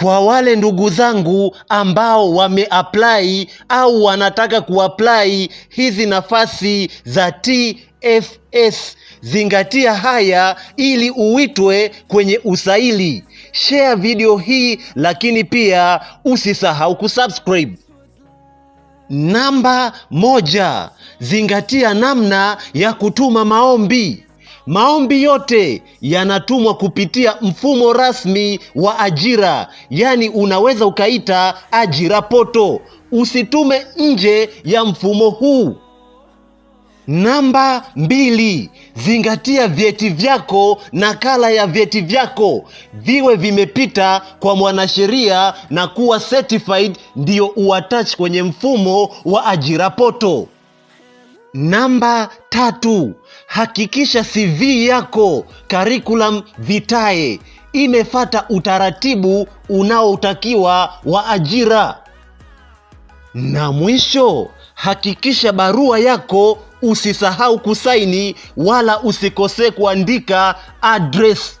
Kwa wale ndugu zangu ambao wameapply au wanataka kuapply hizi nafasi za TFS, zingatia haya ili uitwe kwenye usaili. Share video hii, lakini pia usisahau kusubscribe. Namba moja, zingatia namna ya kutuma maombi. Maombi yote yanatumwa kupitia mfumo rasmi wa ajira, yaani unaweza ukaita ajira poto. Usitume nje ya mfumo huu. Namba mbili, zingatia vyeti vyako. na kala ya vyeti vyako viwe vimepita kwa mwanasheria na kuwa certified, ndiyo uatach kwenye mfumo wa ajira poto. Namba tatu, hakikisha CV yako curriculum vitae imefata utaratibu unaotakiwa wa ajira. Na mwisho, hakikisha barua yako usisahau kusaini wala usikose kuandika address.